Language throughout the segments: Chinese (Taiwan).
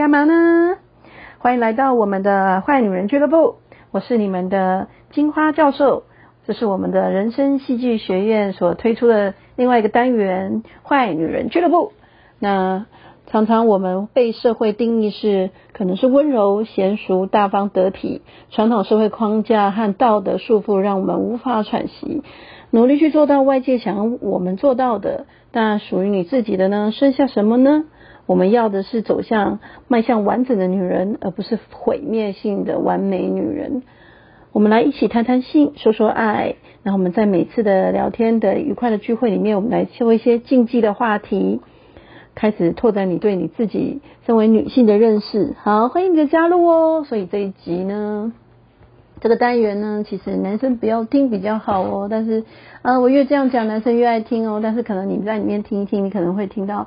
幹嘛呢？歡迎來到我們的壞女人俱樂部，我是你們的金花教授，這是我們的人生戲劇學院所推出的另外一個單元——壞女人俱樂部。那常常我們被社會定義是可能是溫柔、嫻熟、大方、得體，傳統社會框架和道德束縛讓我們無法喘息，努力去做到外界想要我們做到的，那屬於你自己的呢？剩下什麼呢？我們要的是走向邁向完整的女人，而不是毀滅性的完美女人。我們來一起談談性，說說愛。然後我們在每次的聊天的愉快的聚會裡面，我們來說一些禁忌的話題，開始拓展你對你自己身為女性的認識。好，歡迎你的加入哦。所以這一集呢，這個單元呢，其實男生不要聽比較好哦。但是啊，我越這樣講，男生越愛聽哦。但是可能你在裡面聽一聽，你可能會聽到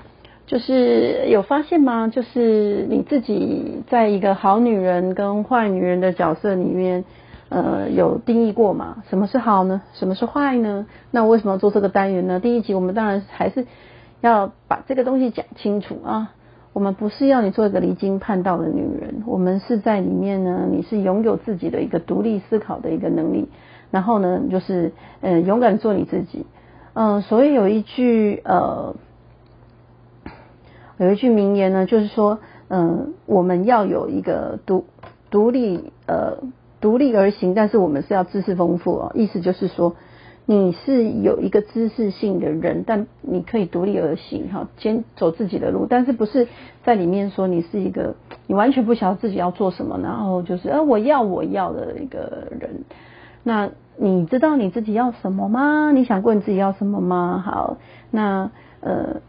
就是有發現嗎？就是你自己在一個好女人跟壞女人的角色裡面，呃，有定義過嗎？什麼是好呢？什麼是壞呢？那為什麼要做這個單元呢？第一集我們當然還是要把這個東西講清楚啊。我們不是要你做一個離經叛道的女人，我們是在裡面呢，你是擁有自己的一個獨立思考的一個能力，然後呢，你就是嗯、呃，勇敢做你自己。嗯、呃，所以有一句呃。有一句名言呢，就是說，嗯，我們要有一個獨獨立，呃，獨立而行，但是我們是要知識豐富哦。意思就是說，你是有一個知識性的人，但你可以獨立而行，哈，先走自己的路，但是不是在裡面說你是一個你完全不曉得自己要做什麼，然後就是，呃，我要我要的一個人。那你知道你自己要什麼嗎？你想過你自己要什麼嗎？好，那呃。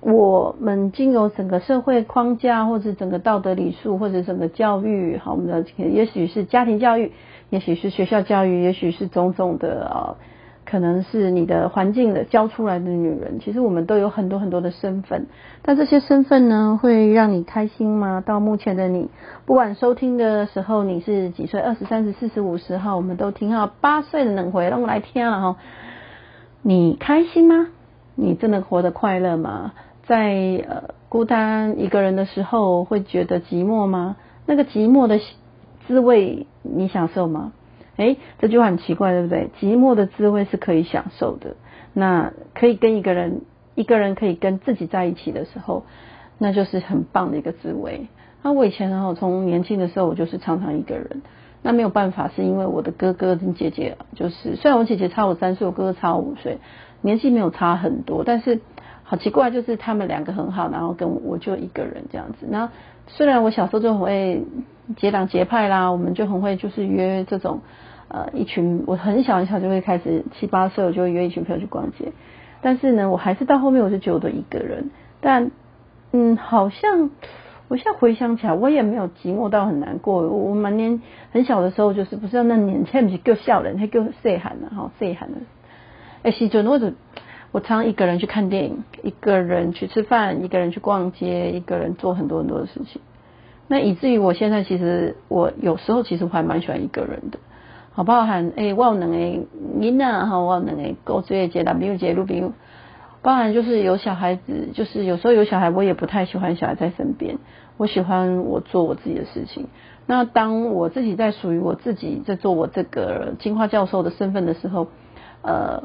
我們經由整個社會框架，或者整個道德禮數，或者整個教育，好，我們的也許是家庭教育，也許是學校教育，也許是種種的啊、哦，可能是你的環境的教出來的女人。其實我們都有很多很多的身份，但這些身份呢，會讓你開心嗎？到目前的你，不管收聽的時候你是幾歲，二十、三十、四十、五十，哈，我們都聽到八歲的兩回讓我來聽了哈，你開心嗎？你真的活得快樂嗎？在呃孤單一個人的時候，會覺得寂寞嗎？那個寂寞的滋味，你享受嗎？誒，這句話很奇怪，對不對？寂寞的滋味是可以享受的。那可以跟一個人，一個人可以跟自己在一起的時候，那就是很棒的一個滋味。那、啊、我以前好，從年輕的時候，我就是常常一個人。那沒有辦法，是因為我的哥哥跟姐姐，就是雖然我姐姐差我三歲，我哥哥差我五歲。年紀沒有差很多，但是好奇怪，就是他們兩個很好，然後跟我就一個人這樣子。然後雖然我小時候就很會結黨結派啦，我們就很會就是約這種呃一群，我很小很小就會開始七八歲，我就約一群朋友去逛街。但是呢，我還是到後面我就覺得一個人。但嗯，好像我現在回想起來，我也沒有寂寞到很難過。我蠻年很小的時候就是，不是那年，他不是夠小了，他細漢了，好細漢了。哎，是的，或者我常一個人去看電影，一個人去吃飯，一個人去逛街，一個人做很多很多的事情。那以至於我現在其實，我有時候其實我還蠻喜歡一個人的，好，包含、欸、哎，萬能哎，您吶哈，萬能哎，高職業解答沒有結論。包含，就是有小孩子，就是有時候有小孩，我也不太喜歡小孩在身邊，我喜歡我做我自己的事情。那當我自己在屬於我自己在做我這個金花教授的身份的時候，呃。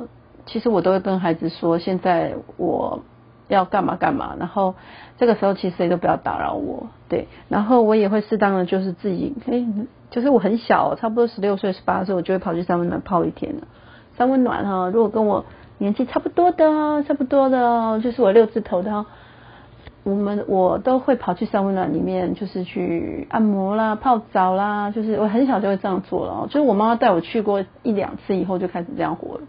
其實我都會跟孩子說，現在我要幹嘛幹嘛，然後這個時候其實誰都不要打擾我，對，然後我也會適當的就是自己，哎，就是我很小，差不多十六歲、十八歲，我就會跑去三溫暖泡一天了。三溫暖哈，如果跟我年紀差不多的、差不多的，就是我六字頭的，我們我都會跑去三溫暖裡面，就是去按摩啦、泡澡啦，就是我很小就會這樣做了，就是我媽媽帶我去過一兩次以後，就開始這樣活了。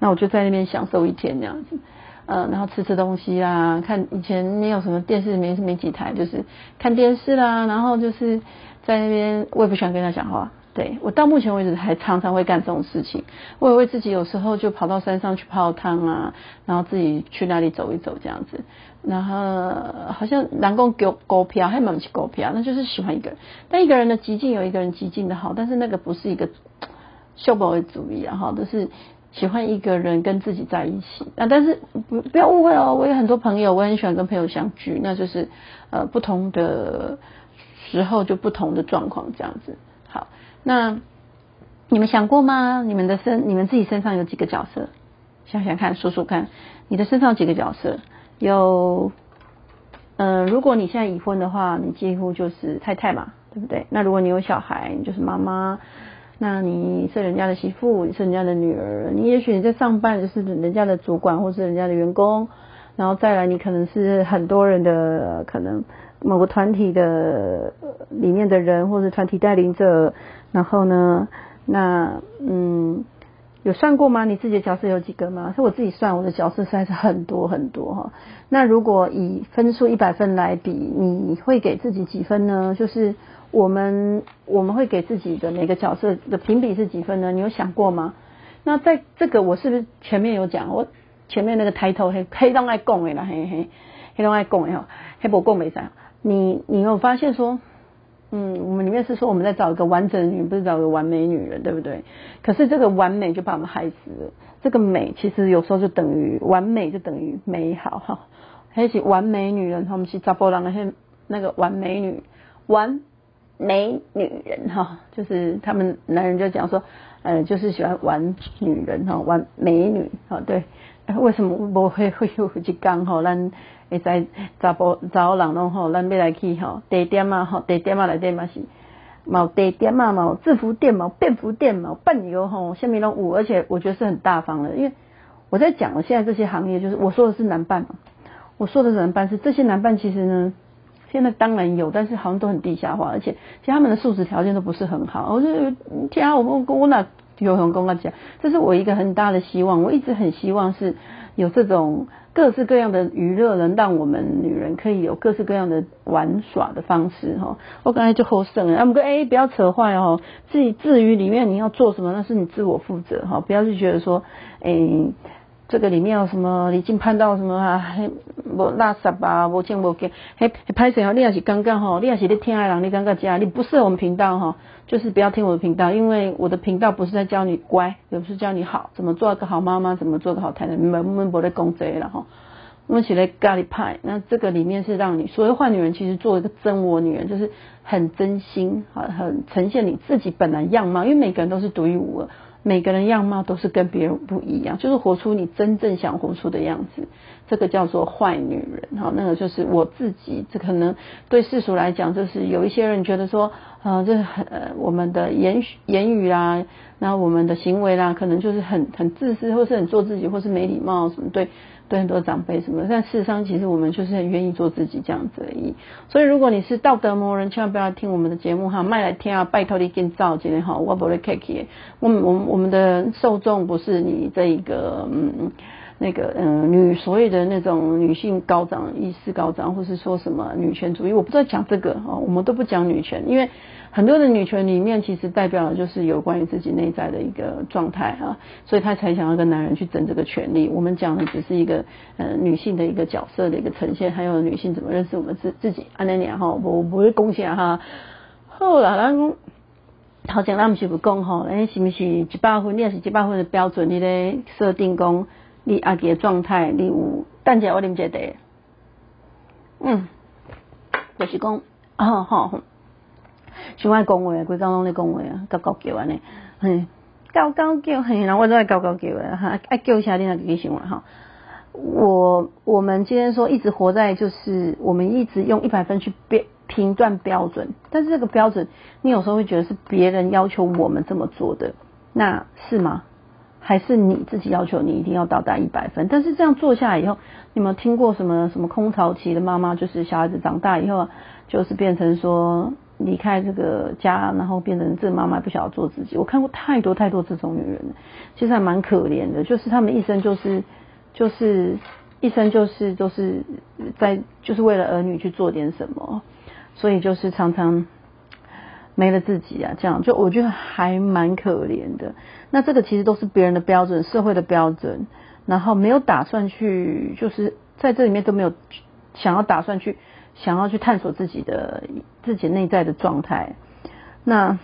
那我就在那邊享受一天這樣子，呃，然後吃吃東西啊，看以前沒有什麼電視，沒沒幾台，就是看電視啦，然後就是在那邊我也不喜歡跟他講話，對，我到目前為止還常常會幹這種事情，我也為自己有時候就跑到山上去泡湯啊，然後自己去那裡走一走這樣子，然後好像南宮狗狗票還蠻不起狗票，那就是喜歡一個人，但一個人的激進，有一個人激進的好，但是那個不是一個，社會主義啊哈，就是。喜歡一個人跟自己在一起，啊、但是不不要誤會哦，我有很多朋友，我很喜歡跟朋友相聚，那就是呃不同的時候就不同的狀況這樣子。好，那你們想過嗎？你們的身，你們自己身上有幾個角色？想想看，說說看，你的身上有幾個角色？有，嗯、呃，如果你現在已婚的話，你幾乎就是太太嘛，對不對？那如果你有小孩，你就是媽媽。那你是人家的媳婦，你是人家的女兒，你也許你在上班就是人家的主管，或是人家的員工，然後再來你可能是很多人的，可能某個團體的裡面的人，或者團體帶領者。然後呢，那嗯，有算過嗎？你自己的角色有幾個嗎？是我自己算，我的角色實在是很多很多哈。那如果以分數一百分來比，你會給自己幾分呢？就是。我們我們會給自己的每個角色的評比是幾分呢？你有想過嗎？那在這個我是不是前面有講？我前面那個抬頭黑黑龍愛講的啦，嘿嘿，黑龍愛講的哈，黑婆講沒啥。你你有發現說，嗯，我們裡面是說我們在找一個完整的女人，不是找一個完美女人，對不對？可是這個完美就把我們害死了。這個美其實有時候就等於完美，就等於美好哈。還是完美女人，他們去找不到那些那個完美女完，美女人哈，就是他們男人就講說，呃，就是喜歡玩女人哈，玩美女哈，對。為什麼有有我會會有這講？吼，咱會使查埔人來去吼地點啊吼，地點來點嘛是，毛嘛毛制服店嘛，便服店嘛，半遊吼，先免了五，而且我覺得是很大方的，因為我在講了現在這些行業就是我說的是男伴嘛，我說的是男伴是這些男伴其實呢。現在當然有，但是好像都很地下化，而且其實他們的素質條件都不是很好。我說，天啊，我那我哪有同公公講？這是我一個很大的希望，我一直很希望是有這種各式各樣的娛樂，能讓我們女人可以有各式各樣的玩耍的方式哈。我剛才就吼勝了，我們說，哎、欸、不要扯壞哦，至於裡面你要做什麼，那是你自我負責哈，不要去覺得說哎。欸這個裡面有什麼？已經判到什麼啊？嘿，我圾啊，吧，我見正，給。嘿，歹勢哦！你也是剛剛吼，你也是在聽的人，你剛尬加，你不適合我們頻道吼，就是不要聽我的頻道，因為我的頻道不是在教你乖，也不是教你好，怎麼做一個好媽媽，怎麼做個好太太，我們沒沒莫的功賊了吼。我們一起來咖喱派，那這個裡面是讓你所謂壞女人，其實做一個真我女人，就是很真心，很很呈現你自己本來樣貌，因為每個人都是獨一無二。每個人樣貌都是跟別人不一樣，就是活出你真正想活出的樣子。這個叫做壞女人哈，那個就是我自己。這可能對世俗來講，就是有一些人覺得說，嗯、呃，這是很呃，我們的言語言語啦，那我們的行為啦，可能就是很很自私，或是很做自己，或是沒禮貌什麼對對很多長輩什麼。但事實上，其實我們就是很願意做自己這樣子而已。所以，如果你是道德魔人，千萬不要聽我們的節目哈，麥來聽啊，拜託你更造孽哈，我不會客氣。我們我們我們的受眾不是你這一個嗯。那個嗯、呃，女所謂的那種女性高漲、意識高漲，或是說什麼女權主義，我不知道講這個哦。我們都不講女權，因為很多的女權裡面其實代表的就是有關於自己內在的一個狀態啊。所以他才想要跟男人去爭這個權利。我們講的只是一個嗯、呃、女性的一個角色的一個呈現，還有女性怎麼認識我們自自己。安德尼哈，我不會貢獻哈。後來好像他們是有講哈，哎，是不是？一百分？你也是一百分的標準，你得設定講。你阿杰狀態，你有等下我理解得，嗯，我、就是講、啊，吼吼，喜歡講話啊，規工攏在講話啊，高高叫安尼，嘿，高高叫，嘿，然後我最愛高高叫了，哈，愛叫一下你啊自己想下哈。我我們今天說一直活在就是我們一直用一百分去標評斷標準，但是這個標準，你有時候會覺得是別人要求我們這麼做的，那，是嗎？還是你自己要求你一定要到達一百分，但是這樣做下來以後，你有沒有聽過什麼什麼空巢期的媽媽？就是小孩子長大以後，就是變成說離開這個家，然後變成這媽媽不曉得做自己。我看過太多太多這種女人了，其實還蠻可憐的，就是她們一生就是就是一生就是就是在就是為了兒女去做點什麼，所以就是常常。沒了自己啊，這樣就我覺得還蠻可憐的。那這個其實都是別人的標準，社會的標準，然後沒有打算去，就是在這裡面都沒有想要打算去，想要去探索自己的自己內在的狀態。那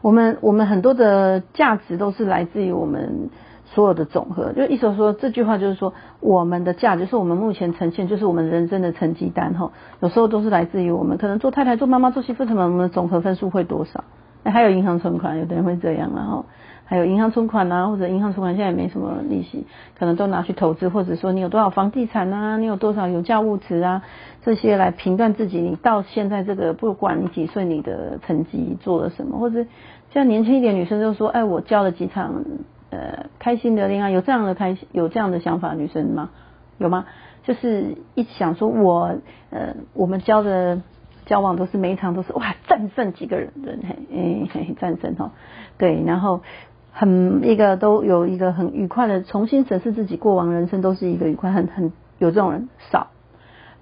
我們我們很多的價值都是來自於我們。所有的總和，就意思說這句話就是說，我們的價值，就是我們目前呈現，就是我們人生的成績單哈。有時候都是來自於我們可能做太太、做媽媽、做媳婦什麼，我們的總和分數會多少？那還有銀行存款，有的人會這樣，啊，然後還有銀行存款吶，啊，或者銀行存款現在也沒什麼利息，可能都拿去投資，或者說你有多少房地產啊，你有多少有價物值啊，這些來評斷自己。你到現在這個不管你幾歲，你的成績做了什麼，或者像年輕一點女生就說，哎，我交了幾場。呃，開心的戀愛，有這樣的開心，有這樣的想法的女生嗎？有嗎？就是一想說我，我呃，我們交的交往都是每一場都是哇戰勝幾個人，哎、欸、戰勝哦，對，然後很一個都有一個很愉快的重新審視自己過往的人生都是一個愉快，很很有這種人少，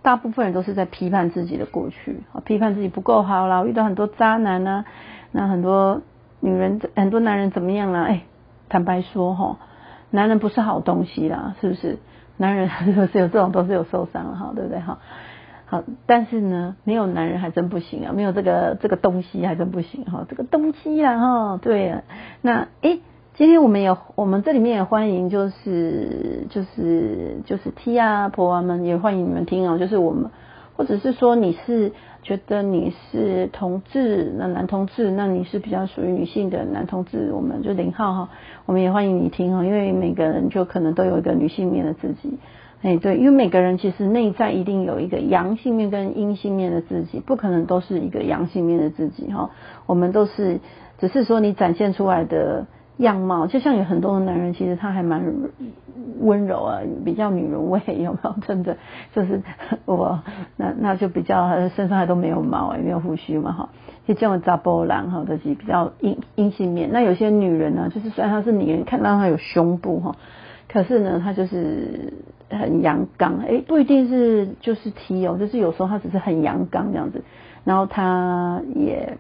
大部分人都是在批判自己的過去，批判自己不夠好啦，我遇到很多渣男呢、啊，那很多女人很多男人怎麼樣啦、啊、哎。欸坦白說哈，男人不是好東西啦，是不是？男人是 有這種都是有受傷了哈，對不對哈？好，但是呢，沒有男人還真不行啊，沒有這個這個東西還真不行哈，這個東西呀哈，對啊。那誒，今天我們也我們這裡面也歡迎就是就是就是 T 啊，婆啊，婆媽們也歡迎你們聽哦，就是我們。或者是說你是覺得你是同志，那男同志，那你是比較屬於女性的男同志，我們就零號哈，我們也歡迎你聽哈，因為每個人就可能都有一個女性面的自己，哎對，因為每個人其實內在一定有一個陽性面跟陰性面的自己，不可能都是一個陽性面的自己哈，我們都是只是說你展現出來的。樣貌就像有很多的男人，其實他還蠻溫柔啊，比較女人味，有沒有？真的就是我那那就比較身上還都沒有毛，也沒有鬍鬚嘛，哈，就叫查某人，哈，就是比較陰陰性面。那有些女人呢，就是雖然她是女人，看到她有胸部哈，可是呢，她就是很陽剛，哎，不一定是就是 T 哦，就是有時候她只是很陽剛這樣子，然後她也。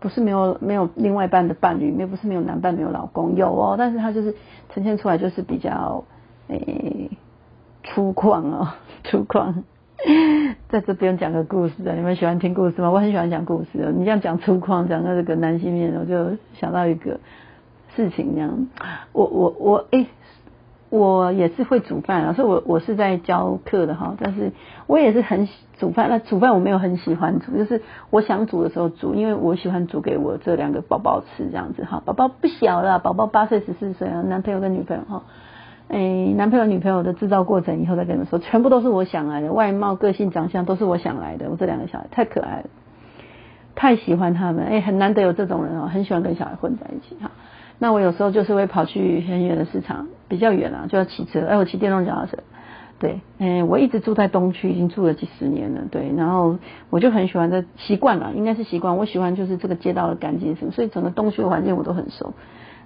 不是沒有沒有另外一半的伴侶，沒有不是沒有男伴，沒有老公，有哦，但是他就是呈現出來就是比較誒、欸、粗獷哦。粗獷， 在這邊講個故事啊，你們喜歡聽故事嗎？我很喜歡講故事，哦，你這樣講粗獷講到這個男性面，我就想到一個事情這樣，我我我誒。欸我也是會煮飯，所以我我是在教課的哈，但是我也是很煮飯，那煮飯我沒有很喜歡煮，就是我想煮的時候煮，因為我喜歡煮給我這兩個寶寶吃這樣子哈，寶寶不小了，寶寶八歲十四歲啊，男朋友跟女朋友哈，哎，男朋友女朋友的制造過程以後再跟你們說，全部都是我想來的，外貌、個性、長相都是我想來的，我這兩個小孩太可愛了，太喜歡他們，哎，很難得有這種人哦，很喜歡跟小孩混在一起哈。那我有時候就是會跑去很遠的市場，比較遠啦、啊，就要騎車。哎，我騎電動腳踏車。對，嗯、欸，我一直住在東區，已經住了幾十年了。對，然後我就很喜歡這習慣了，應該是習慣。我喜歡就是這個街道的乾淨什麼，所以整個東區的環境我都很熟。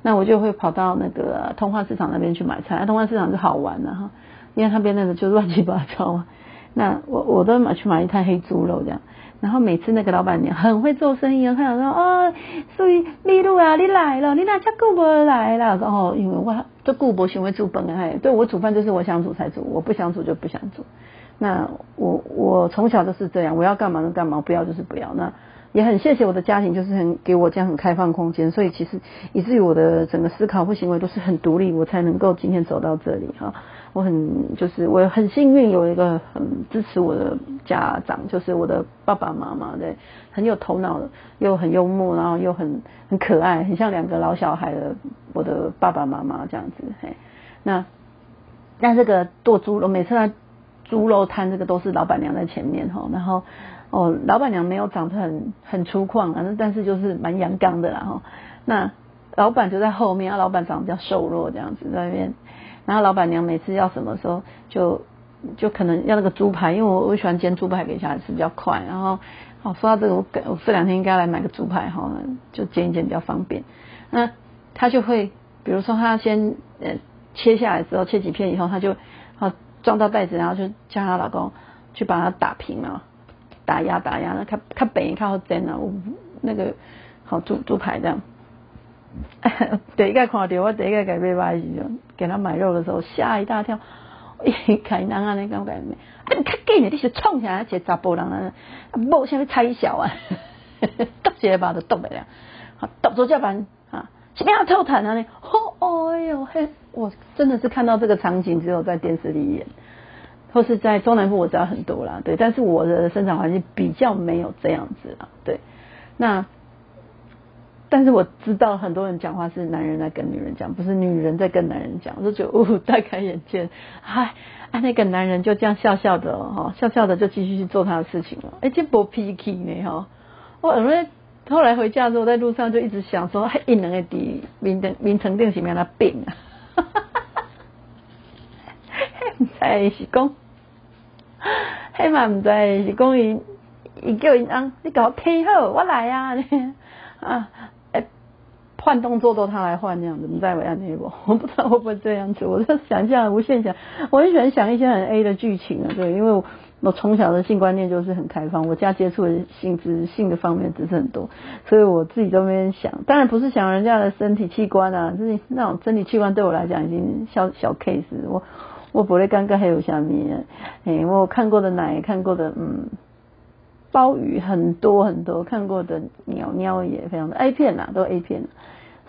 那我就會跑到那個、啊、通化市場那邊去買菜、啊。通化市場就好玩了、啊、哈，因為他那邊那個就亂七八糟啊。那我我都買去買一攤黑豬肉這樣。然後每次那個老闆娘很會做生意啊，她講說哦，所以麗露啊，你來了，你那家顧博來了。然後、哦、因為哇，這顧博行為煮本哎，對我煮飯就是我想煮才煮，我不想煮就不想煮。那我我從小都是這樣，我要幹嘛就幹嘛，不要就是不要。那也很謝謝我的家庭，就是很給我這樣很開放空間，所以其實以至於我的整個思考和行為都是很獨立，我才能夠今天走到這裡。我很就是我很幸運有一個很支持我的家長，就是我的爸爸媽媽，對，很有頭腦的，又很幽默，然後又很很可愛，很像兩個老小孩的我的爸爸媽媽這樣子。嘿，那那這個剁豬肉，每次他豬肉攤這個都是老闆娘在前面哈，然後哦，老闆娘沒有長得很很粗獷，反正但是就是蠻陽剛的啦。哈。那老闆就在後面，啊，老闆長得比較瘦弱，這樣子在那邊。然後老闆娘每次要什麼時候就就可能要那個豬排，因為我我喜歡煎豬排給小孩子比較快。然後，好說到這個我，我我這兩天應該來買個豬排哈、哦，就煎一煎比較方便。那她就會，比如說她先呃切下來之後切幾片以後他，她就好裝到袋子，然後就叫她老公去把它打平了，打壓打壓。那看本一看要煎哪，那個好豬豬排這樣。等 一下看到我第一下給買肉的時候，給他買肉的時候嚇一大跳，咦、哎，台南啊，你講個，哎，你太賤啊，你是創啥？一個查甫人啊，沒下，你猜小啊，剁一把就剁沒了，剁做這板。啊，什麵要偷談啊？你吼、啊啊哦，哎呦嘿，我真的是看到這個場景只有在電視裡演，或是在中南部，我知道很多啦，對，但是我的生長環境比較沒有這樣子啊，對，那。但是我知道很多人講話是男人在跟女人講，不是女人在跟男人講。我就覺得哦、呃，大開眼界！嗨，哎、啊，那個男人就這樣笑笑的哦，笑笑的就繼續去做他的事情了。哎、欸，真不脾氣呢哈！我因為後來回家的時候，在路上就一直想說，哎，伊能個底明明成定是讓 他病啊？哈哈哈哈哈！唔知是講，嘿嘛唔知是講，伊伊叫伊翁，你搞替好，我來呀啊。換動作都他來換這樣子，你在維安那邊，我不知道會不會這樣子。我就想象無限想，我很喜歡想一些很 A 的劇情啊，對，因為我從小的性觀念就是很開放，我家接觸的性質性的方面只是很多，所以我自己都沒人想，當然不是想人家的身體器官啊，就是那種身體器官對我來講已經小小 case 我。我我不會尷尬還有下面，因、欸、為我看過的奶看過的嗯，鮑魚很多很多，看過的鳥鳥也非常的 A 片啊，都 A 片，啊。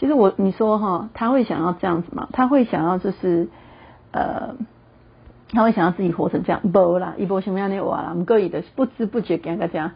其實我你說哈，他會想要這樣子嗎？他會想要就是，呃，他會想要自己活成這樣，波啦一波什麼樣的我啦，我們各異的，不知不覺給大家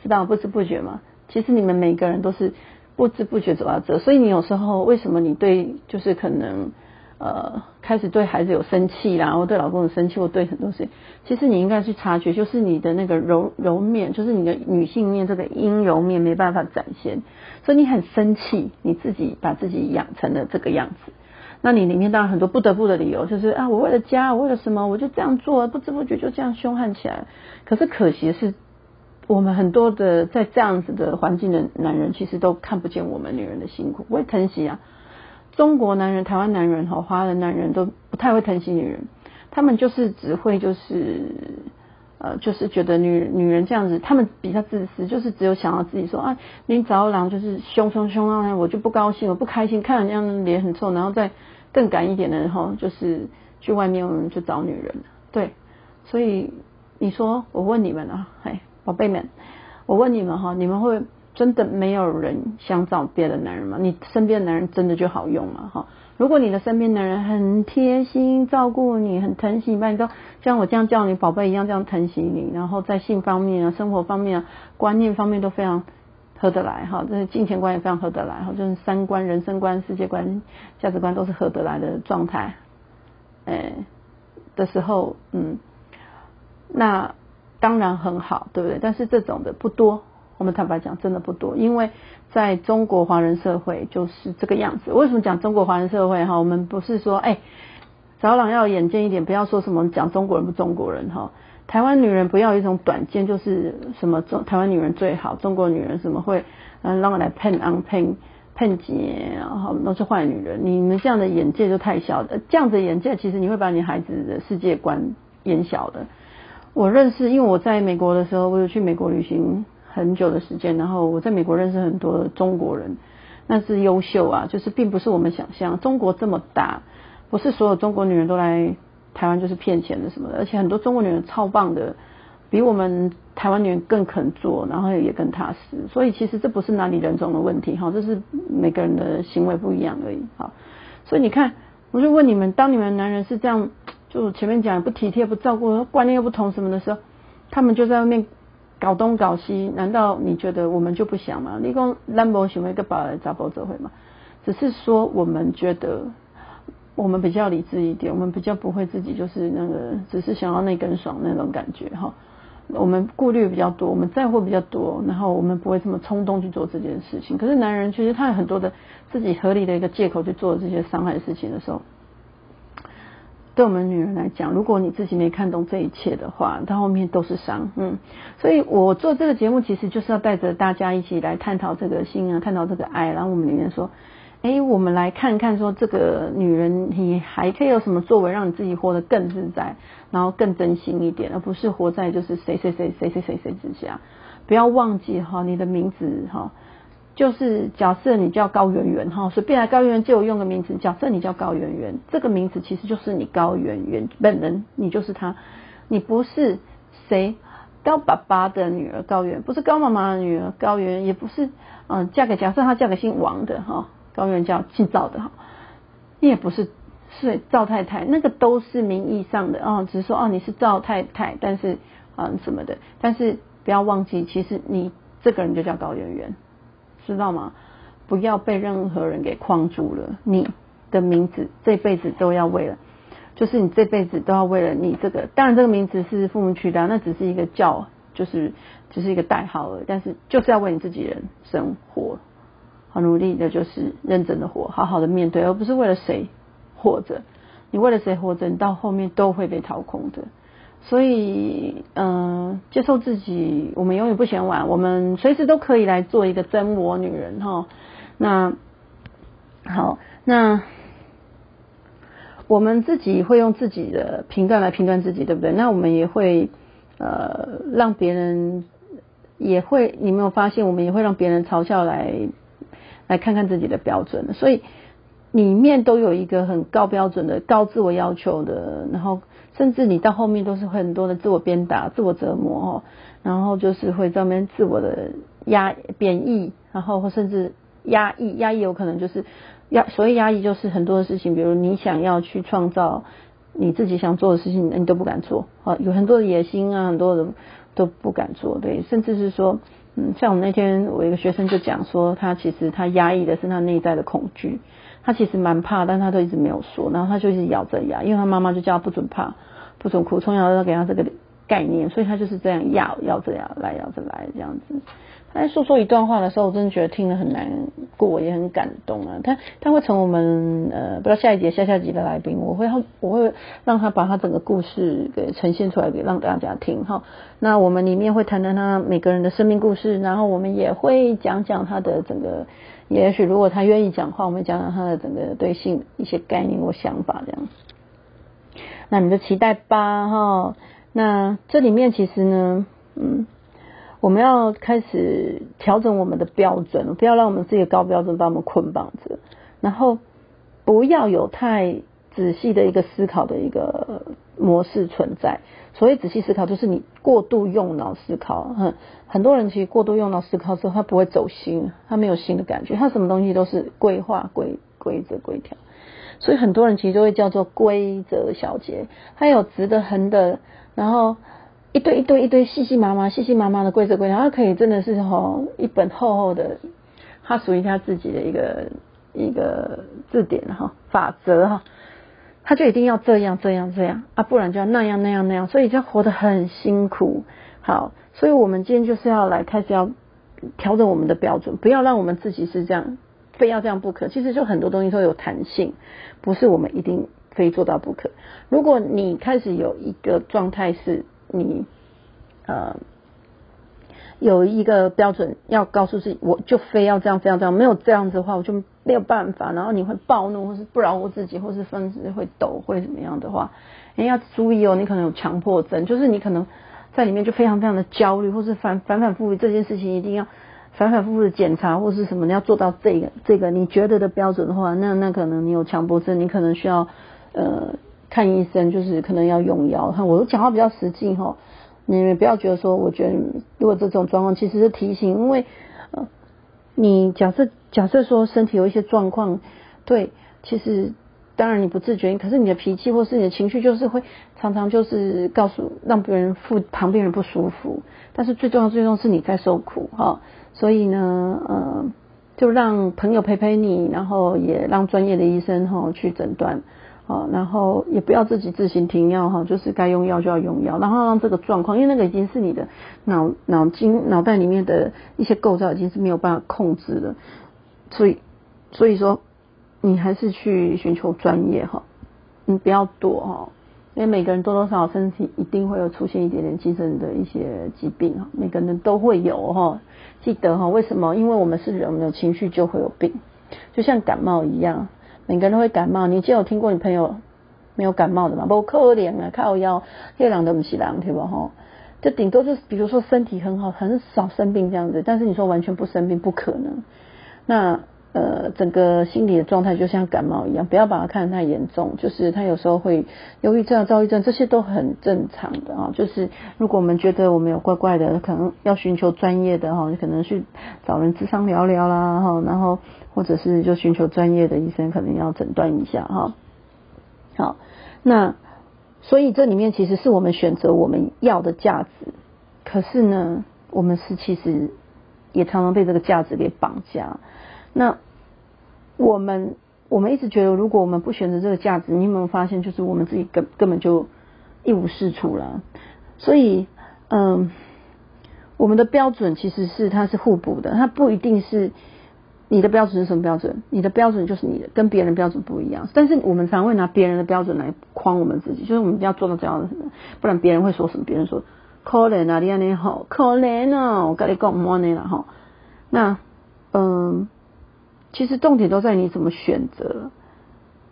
知道，不知不覺嘛。其實你們每個人都是不知不覺走到這，所以你有時候為什麼你對就是可能呃開始對孩子有生氣啦，然後對老公有生氣，或對很多事，其實你應該去察覺，就是你的那個柔柔面，就是你的女性面，這個陰柔面沒辦法展現。所以你很生氣，你自己把自己養成了這個樣子。那你裡面當然很多不得不的理由，就是啊，我為了家，我為了什麼，我就這樣做啊，不知不覺就這樣兇悍起來。可是可惜的是，我們很多的在這樣子的環境的男人，其實都看不見我們女人的辛苦。不會疼惜啊，中國男人、台灣男人和華人男人都不太會疼惜女人，他們就是只會就是。呃，就是覺得女女人這樣子，他們比較自私，就是只有想要自己說，說啊，你找狼就是凶凶凶啊，我就不高興，我不開心，看人家臉很臭，然後再更趕一點的，哈、哦，就是去外面去找女人，對，所以你說，我問你們啊，哎，寶貝們，我問你們哈、啊，你們會真的沒有人想找別的男人嗎？你身邊的男人真的就好用嗎？哈、哦，如果你的身邊男人很貼心，照顧你，很疼惜你，那你像我這樣叫你寶貝一樣，這樣疼惜你，然後在性方面啊、生活方面啊、觀念方面都非常合得來哈。就是金錢觀也非常合得來，哈，就是三觀、人生觀、世界觀、價值觀都是合得來的狀態。誒、哎，的時候，嗯，那當然很好，對不對？但是這種的不多，我們坦白講，真的不多。因為在中國華人社會就是這個樣子。為什麼講中國華人社會哈？我們不是說哎。早朗要眼見一點，不要說什麼講中國人不中國人哈。台灣女人不要一種短見，就是什麼中台灣女人最好，中國女人什麼會嗯讓我來噴啊噴噴姐，然後都是壞女人。你們這樣的眼界就太小了，這樣的眼界其實你會把你孩子的世界觀眼小的。我認識，因為我在美國的時候，我有去美國旅行很久的時間，然後我在美國認識很多的中國人，那是優秀啊，就是並不是我們想象中國這麼大。不是所有中國女人都來台灣就是騙錢的什麼的，而且很多中國女人超棒的，比我們台灣女人更肯做，然後也更踏實。所以其實這不是哪裡人種的問題，哈，這是每個人的行為不一樣而已，好。所以你看，我就問你們，當你們男人是這樣，就前面講不體貼、不照顧，觀念又不同什麼的時候，他們就在外面搞東搞西，難道你覺得我們就不想嗎？你嗎只是說我們覺得。我們比較理智一點，我們比較不會自己就是那個，只是想要那根爽那種感覺哈。我們顧慮比較多，我們在乎比較多，然後我們不會這麼衝動去做這件事情。可是男人其實他有很多的自己合理的一個借口去做這些傷害事情的時候，對我們女人來講，如果你自己沒看懂這一切的話，到後面都是傷。嗯，所以我做這個節目其實就是要帶着大家一起來探討這個性啊，探討這個愛，然後我們裡面說。哎、欸，我們來看看，說這個女人，你還可以有什麼作為，讓你自己活得更自在，然後更真心一點，而不是活在就是誰誰誰誰誰誰誰之下。不要忘記哈，你的名字哈，就是假設你叫高圓圓哈，隨便來高圓圓借我用個名字。假設你叫高圓圓，這個名字其實就是你高圓圓本人，你就是他，你不是誰高爸爸的女兒高圓，不是高媽媽的女兒高圓，也不是嗯，嫁給假設她嫁給姓王的哈。高圓圓叫紀照的哈，你也不是是趙太太，那個都是名義上的哦，只是說哦，你是趙太太，但是嗯什麼的，但是不要忘記，其實你這個人就叫高圓圓，知道嗎？不要被任何人給框住了，你的名字這輩子都要為了，就是你這輩子都要為了你這個，當然這個名字是父母取的，啊，那只是一個叫就是只，就是一個代號而已，但是就是要為你自己人生活，好努力的就是認真的活，好好的面對，而不是為了誰活着。你為了誰活着，你到後面都會被掏空的。所以，嗯，接受自己，我們永遠不嫌晚，我們隨時都可以來做一個真我女人齁。那好，那我們自己會用自己的評斷來評斷自己，對不對？那我們也會呃，讓別人也會，你沒有發現，我們也會讓別人嘲笑來。來看看自己的標準，所以裡面都有一個很高標準的、高自我要求的，然後甚至你到後面都是很多的自我鞭打、自我折磨哦，然後就是會專門自我的壓貶義，然後或甚至壓抑，壓抑有可能就是壓，所謂壓抑就是很多的事情，比如你想要去創造你自己想做的事情，你都不敢做，啊，有很多的野心啊，很多人都不敢做，對，甚至是說。嗯，像我們那天，我一個學生就講說，他其實他壓抑的是他內在的恐懼，他其實蠻怕，但他都一直沒有說，然後他就一直咬着牙，因為他媽媽就叫他不准怕，不准哭，從小到大給他這個概念，所以他就是這樣咬，咬着牙來，咬着來這樣子。他訴說一段話的時候，我真的覺得聽了很難過，也很感動啊。他，他會會從我們呃，不知道下一集、下下集的來賓，我會我會讓他把他整個故事給呈現出來，給讓大家聽哈。那我們裡面會談談他每個人的生命故事，然後我們也會講講他的整個，也許如果他願意講話，我們講講他的整個對性一些概念或想法這樣。那你們期待吧哈、哦。那這裡面其實呢，嗯。我們要開始調整我們的標準，不要讓我們自己的高標準把我們捆綁着，然後不要有太仔細的一個思考的一個模式存在。所謂仔細思考，就是你過度用腦思考。嗯，很多人其實過度用腦思考之後，他不會走心，他沒有心的感覺，他什麼東西都是規劃規規則規條。所以很多人其實都會叫做規則小節。他有直的、橫的，然後。一堆一堆一堆，細細麻麻、細細麻麻的規則規則，他可以真的是吼一本厚厚的，他屬於他自己的一個一個字典哈法則哈，他就一定要這樣這樣這樣啊，不然就要那樣那樣那樣，所以他活得很辛苦。好，所以我們今天就是要來開始要調整我們的標準，不要讓我們自己是這樣，非要這樣不可。其實就很多東西都有彈性，不是我們一定非做到不可。如果你開始有一個狀態是你，呃，有一個標準要告訴自己，我就非要這樣，非要這樣，沒有這樣子的話，我就沒有辦法。然後你會暴怒，或是不饒過自己，或是分子會抖，會怎麼樣的話，你要注意哦，你可能有強迫症，就是你可能在裡面就非常非常的焦慮，或是反反反復復這件事情一定要反反復復的檢查，或是什麼你要做到這個這個你覺得的標準的話，那那可能你有強迫症，你可能需要呃。看醫生，就是可能要用藥，哈，我都講話比較實際哈，你們不要覺得說，我覺得如果這種狀況其實是提醒，因為呃，你假設假設說身體有一些狀況，對，其實當然你不自覺，可是你的脾氣或是你的情緒就是會常常就是告訴讓別人附旁邊人不舒服，但是最重要最重要是你在受苦哈，所以呢呃，就讓朋友陪陪你，然後也讓專業的醫生哈去診斷。啊，然後也不要自己自行停藥哈，就是該用藥就要用藥，然後讓這個狀況，因為那個已經是你的腦腦筋，腦袋裡面的一些構造已經是沒有辦法控制的。所以所以說你還是去尋求專業哈，你不要躲。哈，因為每個人多多少少身體一定會有出現一點點精神的一些疾病哈，每個人都會有哈，記得哈，為什麼？因為我們是人，我們的情緒就會有病，就像感冒一樣。每個人都會感冒，你有聽過你朋友沒有感冒的嗎？不可憐啊，靠腰、夜兩都不是兩對吧？吼，就頂多是比如說身體很好，很少生病這樣子，但是你說完全不生病不可能。那呃，整個心理的狀態就像感冒一樣，不要把它看得太嚴重，就是他有時候會憂鬱症啊、躁鬱症這些都很正常的啊。就是如果我們覺得我們有怪怪的，可能要尋求專業的哈，你可能去找人諮商聊聊啦哈，然後。或者是就尋求專業的醫生，可能要診斷一下哈。好，那所以這裡面其實是我們選擇我們要的價值，可是呢，我們是其實也常常被這個價值給綁架。那我們我們一直覺得，如果我們不選擇這個價值，你有沒有發現，就是我們自己根根本就一無是處了。所以，嗯，我們的標準其實是它是互補的，它不一定是。你的標準是什麼標準？你的標準就是你的，跟別人標準不一樣。但是我們常、常會拿別人的標準來框我們自己，就是我們一定要做到這樣子的什麼，不然別人會說什麼？別人說可憐啊，你好可憐呢，啊，我跟你講莫內了哈。那，嗯，其實重點都在你怎麼選擇。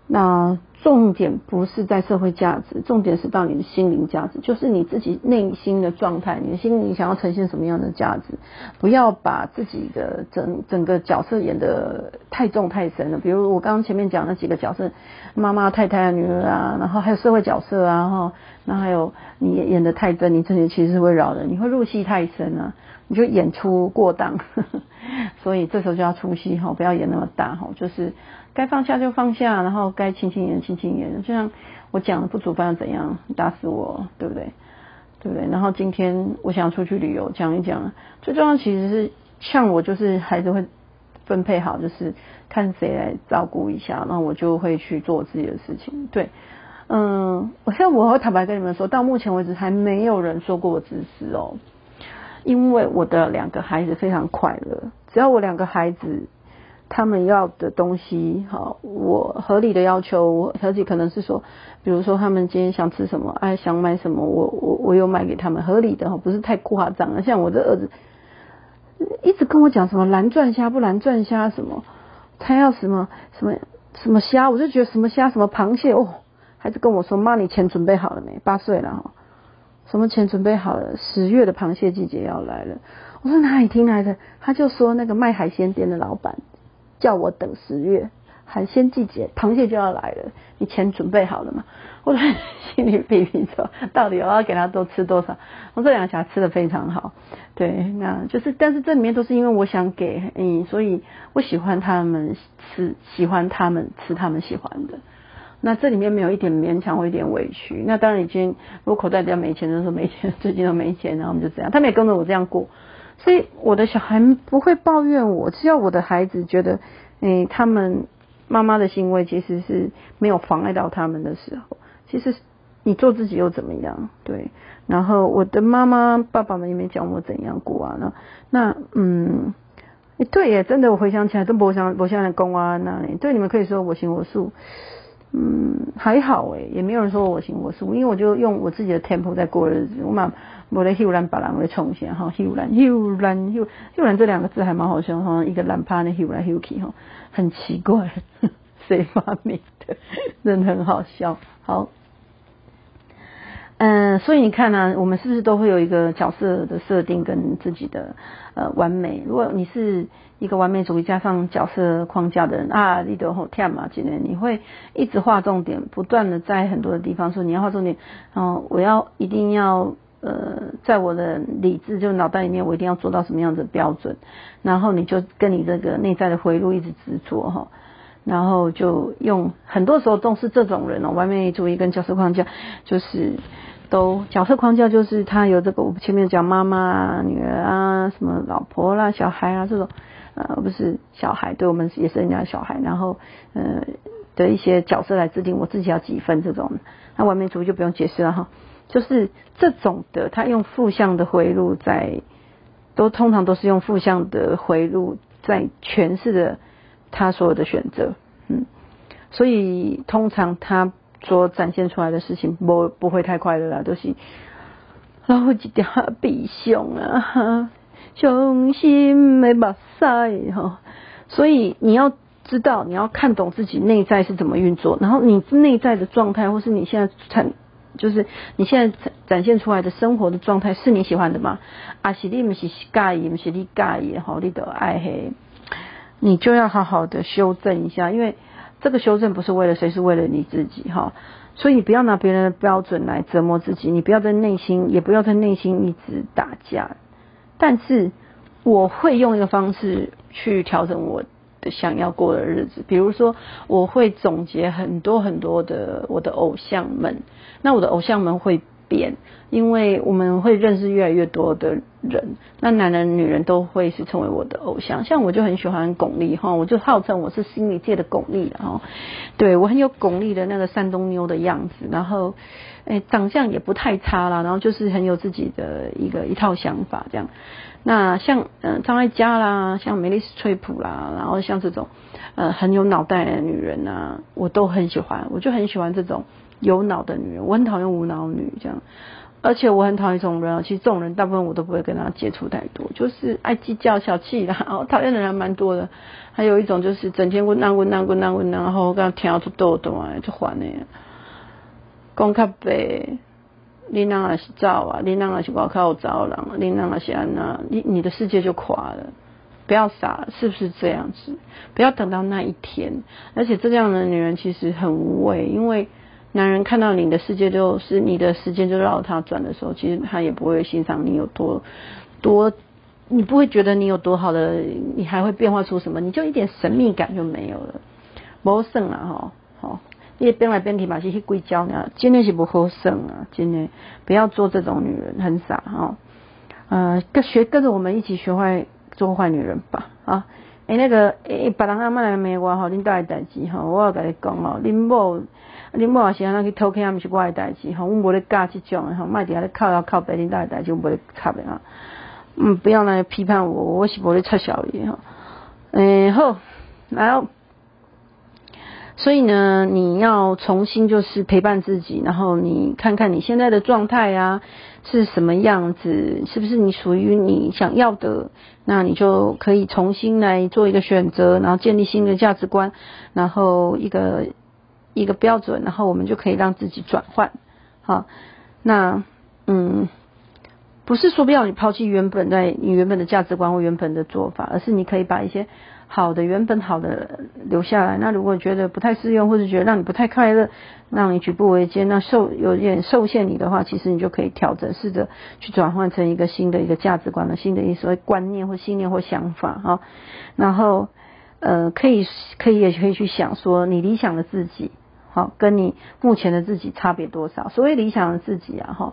那。重點不是在社會價值，重點是到你的心靈價值，就是你自己內心的狀態，你的心靈想要呈現什麼樣的價值，不要把自己的整整個角色演得太重太深了。比如我剛剛前面講那幾個角色，媽媽、太太、女兒啊，然後還有社會角色啊，哈。那還有你演得太真，你真的其實會擾人，你會入戲太深啊，你就演出過當，所以這時候就要出戲吼，不要演那麼大吼，就是該放下就放下，然後該輕輕演輕輕演。就像我講的不煮飯要怎樣，打死我對不對？對不對？然後今天我想要出去旅遊，講一講。最重要其實是像我就是孩子會分配好，就是看誰來照顧一下，那我就會去做自己的事情，對。嗯，我現在我會坦白跟你們說，到目前為止還沒有人說過我自私哦。因為我的兩個孩子非常快樂，只要我兩個孩子他們要的東西，好，我合理的要求，而且可能是說，比如說他們今天想吃什麼，哎、啊，想買什麼，我我我有買給他們，合理的哈，不是太誇張了。像我的兒子一直跟我講什麼藍鑽蝦不藍鑽蝦什麼，他要什麼什麼什麼蝦，我就覺得什麼蝦什麼螃蟹哦。孩子跟我說：“媽，你錢準備好了沒？八歲了哈，什麼錢準備好了？十月的螃蟹季節要來了。”我說：“哪裡聽來的？”他就說：“那個賣海鮮店的老板叫我等十月，海鮮季節，螃蟹就要來了，你錢準備好了嗎？”我說心裡逼逼說：“到底我要給他多吃多少？”我這兩下吃得非常好，對，那就是，但是這裡面都是因為我想給，嗯、所以我喜歡他們吃，喜歡他們吃他們喜歡的。那這裡面沒有一點勉強或一點委屈，那當然已經我口袋比較沒錢，就說沒錢，最近都沒錢，然後我們就這樣，他們也跟着我這樣過，所以我的小孩不會抱怨我，只要我的孩子覺得，嗯、欸，他們媽媽的行為其實是沒有妨礙到他們的時候，其實你做自己又怎麼樣？對，然後我的媽媽、爸爸們也沒教我怎樣過啊，那那嗯，對耶，真的，我回想起來都不像不像在公啊那裡，對，你們可以說我行我素。嗯，還好哎、欸，也沒有人說我行我素，因為我就用我自己的 tempo 在過日子。我嘛，我的 hill 蘭巴蘭我重寫哈，hill 蘭 hill 蘭 hill，hill 蘭這兩個字還蠻好笑哈，像一個爛趴的 hill 蘭 hill 去哈，很奇怪，誰發明的？真的很好笑。好，嗯，所以你看呢、啊，我們是不是都會有一個角色的設定跟自己的呃完美？如果你是。一個完美主義加上角色框架的人啊，你都好忝啊！今年你會一直劃重點，不斷地在很多的地方說你要劃重點。哦，我要一定要呃，在我的理智就腦袋裡面，我一定要做到什麼樣的標準。然後你就跟你這個內在的回路一直執着哈。然後就用很多時候都是這種人哦，完美主義跟角色框架就是都角色框架就是他有這個，我前面講媽媽、女兒啊，什麼老婆啦、啊、小孩啊這種。呃，而不是小孩，對我們也是人家的小孩，然後呃的一些角色來制定，我自己要幾分這種，那完美主義就不用解釋了哈，就是這種的，他用負向的迴路在，都通常都是用負向的迴路在詮釋著他所有的選擇，嗯，所以通常他所展現出來的事情不不會太快樂啦，都、就是。然後一點悲傷啊哈。重心沒把曬哈，所以你要知道，你要看懂自己內在是怎麼運作，然後你內在的狀態，或是你現在展，就是你現在展現出來的生活的狀態，是你喜歡的嗎？愛、啊你，你，你，那個、你就要好好的修正一下，因為這個修正不是為了誰，是為了你自己哈。所以你不要拿別人的標準來折磨自己，你不要在內心，也不要在內心一直打架。但是我會用一個方式去調整我的想要過的日子，比如說我會總結很多很多的我的偶像們，那我的偶像們會變，因為我們會認識越來越多的人，那男人女人都會是成為我的偶像，像我就很喜歡鞏俐哈，我就號稱我是心理界的鞏俐哈，對，我很有鞏俐的那個山東妞的樣子，然後。哎，長相也不太差啦，然後就是很有自己的一個一套想法這樣。那像，嗯，張艾嘉啦，像梅莉史翠普啦，然後像這種呃很有腦袋的女人啦，我都很喜歡。我就很喜歡這種有腦的女人，我很討厭無腦女這樣。而且我很討厭一種人，其實這種人大部分我都不會跟他接觸太多，就是愛計較、小氣啦。我討厭的人蠻多的，還有一種就是整天滾浪滾浪滾浪，然後我跟他聽出痘痘啊，就煩的。.光較白，你那個是糟啊，你那個是我要靠我糟的人，你那個是安那，你你的世界就垮了，不要傻，是不是這樣子？不要等到那一天。而且這樣的女人其實很無味，因為男人看到你的世界就是，是你的時間就繞他轉的時候，其實他也不會欣賞你有多多，你不會覺得你有多好的，你還會變化出什麼？你就一點神秘感就沒有了，沒剩啊哈。一變來變去嘛是迄鬼招爾，真誒是無好耍啊！真誒，不要做這種女人，很傻哈、哦。呃，學跟學跟着我們一起學會做壞女人吧啊！哎、欸、那個，誒、欸，別人啊莫來罵我吼，恁兜誒代志吼，我有甲你講吼，恁某，恁某阿是安尼去偷聽，毋是我誒代志吼，阮無咧教即種誒吼，賣佇遐咧哭要哭別人家誒代志，阮袂插誒吼，嗯，不要來批判我，我是無咧插潲伊吼，誒、欸、好，然後。所以呢，你要重新就是陪伴自己，然後你看看你現在的狀態啊是什麼樣子，是不是你屬於你想要的？那你就可以重新來做一個選擇，然後建立新的價值觀，然後一個一個標準，然後我們就可以讓自己轉換。好，那嗯，不是說不要你拋棄原本的你原本的價值觀或原本的做法，而是你可以把一些。好的，原本好的留下來。那如果覺得不太適用，或者覺得讓你不太快樂，讓你舉步維艱，那受有一點受限你的話，其實你就可以調整，試着去轉換成一個新的一個價值觀的新的一些所謂觀念或信念或想法哈。然後，呃，可以可以也可以去想說，你理想的自己，好，跟你目前的自己差別多少？所謂理想的自己啊，哈、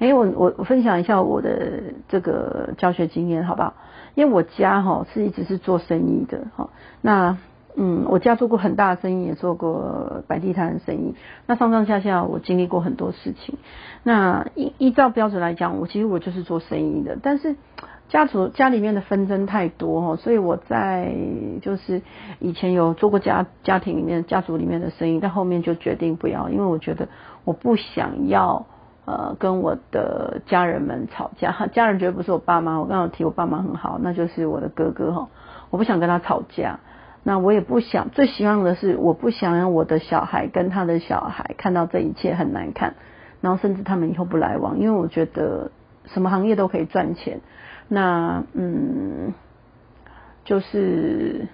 欸，我我我分享一下我的這個教學經驗，好不好？因為我家哈是一直是做生意的哈，那嗯，我家做過很大的生意，也做過擺地攤的生意，那上上下下我經歷過很多事情。那依依照標準來講，我其實我就是做生意的，但是家族家裡面的紛爭太多哈，所以我在就是以前有做過家家庭裡面家族裡面的生意，但後面就決定不要，因為我覺得我不想要。呃，跟我的家人們吵架，家人絕對不是我爸媽。我剛剛提我爸媽很好，那就是我的哥哥哈。我不想跟他吵架，那我也不想，最希望的是，我不想讓我的小孩跟他的小孩看到這一切很難看，然後甚至他們以後不來往。因為我覺得什麼行業都可以賺錢，那嗯，就是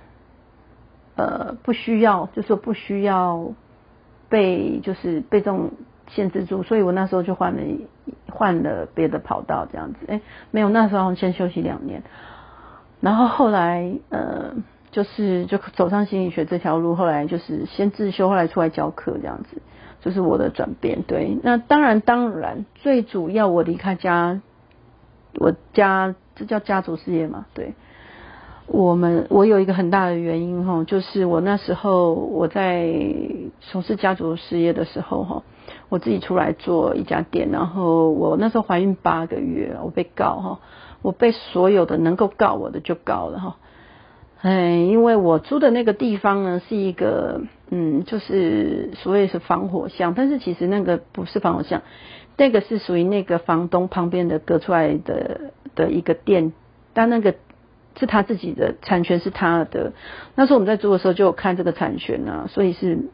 呃，不需要，就是不需要被，就是被這種。限制住，所以我那時候就換了換了別的跑道，這樣子誒，沒有那時候先休息兩年，然後後來呃，就是就走上心理學這條路，後來就是先自修，後來出來教課這樣子，就是我的轉變對。那當然當然，最主要我離開家，我家這叫家族事業嘛，對我們我有一個很大的原因哈，就是我那時候我在從事家族事業的時候哈。我自己出來做一家店，然後我那時候懷孕八個月，我被告哈，我被所有的能夠告我的就告了哈。哎，因為我租的那個地方呢，是一個嗯，就是所謂是防火巷，但是其實那個不是防火巷，那個是屬於那個房東旁邊的隔出來的的一個店，但那個是他自己的產權是他的。那時候我們在租的時候就有看這個產權啊，所以是。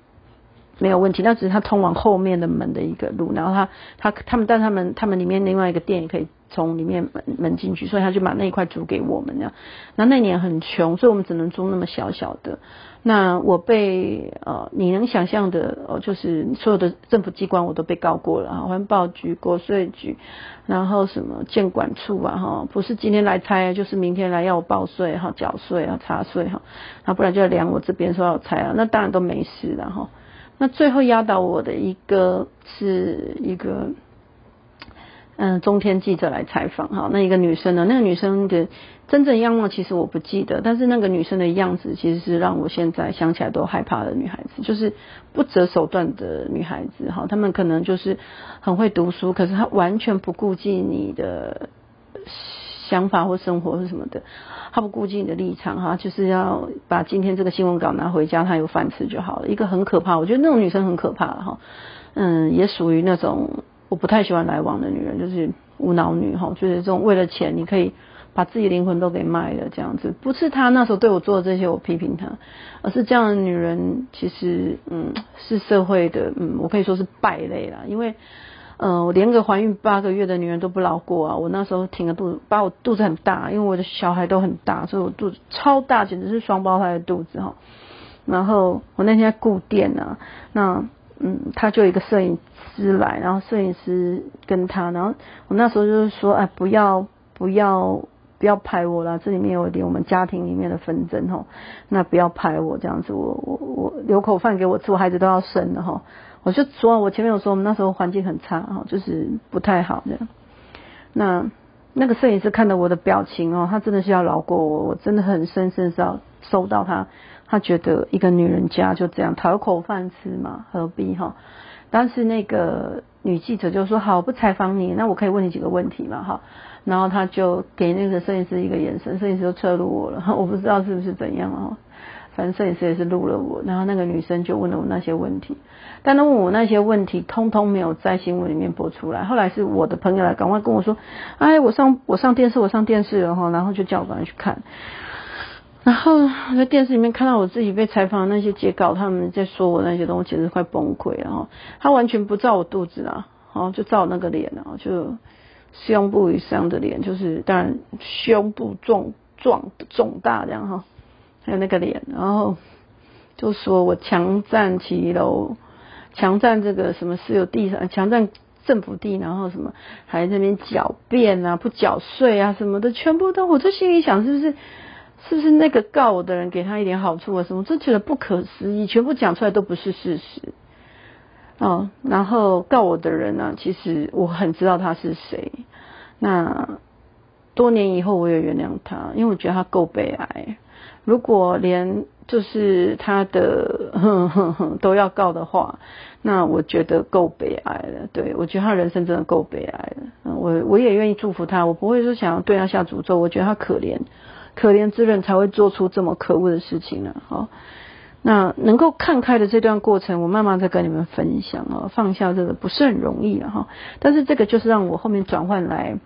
沒有問題，那只是他通往後面的門的一個路，然後他他他們，但他們他們裡面另外一個店也可以從裡面門門進去，所以他就把那一塊租給我們，那那年很窮，所以我們只能租那麼小小的。那我被呃，你能想象的呃、哦，就是所有的政府機關我都被告過了哈，環保局、國稅局，然後什麼建管處啊哈、哦，不是今天來拆，就是明天來要我報稅哈、哦，繳稅啊，查稅哈、哦，然後不然就要量我這邊說要拆啊，那當然都沒事了。哈、哦。那最後壓倒我的一個是一個，嗯，中天記者來採訪哈，那一個女生呢？那個女生的真正樣貌其實我不記得，但是那個女生的樣子其實是讓我現在想起來都害怕的女孩子，就是不擇手段的女孩子哈。她們可能就是很會讀書，可是她完全不顧及你的。想法或生活是什麼的，他不顧及你的立場哈，就是要把今天這個新聞稿拿回家，他有飯吃就好了。一個很可怕，我覺得那種女生很可怕哈，嗯，也屬於那種我不太喜歡來往的女人，就是無腦女哈，就是這種為了錢你可以把自己靈魂都給賣了這樣子。不是他那時候對我做的這些我批評他，而是這樣的女人其實嗯是社會的嗯，我可以說是敗類啦，因為。呃，我連個懷孕八個月的女人都不饒過啊！我那時候挺個肚子，把我肚子很大，因為我的小孩都很大，所以我肚子超大，簡直是雙胞胎的肚子哈。然後我那天在顧店啊，那嗯，他就有一個攝影師來，然後攝影師跟他，然後我那時候就是說，哎，不要不要不要拍我了，這裡面有一點我們家庭裡面的紛爭吼，那不要拍我這樣子我，我我我留口飯給我吃，我孩子都要生了吼。我就說，我前面有說我們那時候環境很差哈，就是不太好的。那那個攝影師看到我的表情哦，他真的是要饒過我，我真的很深深是要收到他。他覺得一個女人家就這樣討口飯吃嘛，何必哈？但是那個女記者就說：“好，不採訪你，那我可以問你幾個問題嘛哈。”然後他就給那個攝影師一個眼神，攝影師就撤了我了。我不知道是不是怎樣哦。反正攝影師也是錄了我，然後那個女生就問了我那些問題，但她問我那些問題，通通沒有在新聞裡面播出來。後來是我的朋友來趕快跟我說，哎，我上我上電視，我上電視了哈，然後就叫我趕快去看。然後在電視裡面看到我自己被採訪的那些截稿，他們在說我那些東西，其簡直快崩潰了哈。他完全不照我肚子啦，然後，就照我那個臉了，就胸部以上的臉，就是當然胸部壯壯腫大這樣哈。有那個臉，然後就說我強占騎樓，強占這個什麼私有地，強占政府地，然後什麼還在那邊狡辯啊，不繳稅啊什麼的，全部都我在心裡想是不是是不是那個告我的人給他一點好處啊什麼，真覺得不可思議，全部講出來都不是事實。哦，然後告我的人呢，啊，其實我很知道他是誰，那多年以後我也原諒他，因為我覺得他夠悲哀。如果連就是他的呵呵呵都要告的話，那我覺得夠悲哀了。對，我覺得他人生真的夠悲哀了。我我也願意祝福他，我不會說想要對他下詛咒。我覺得他可憐，可憐之人才會做出這麼可惡的事情呢、啊。哈，那能夠看開的這段過程，我慢慢再跟你們分享哦，放下這個不是很容易啊。哈，但是這個就是讓我後面轉換來。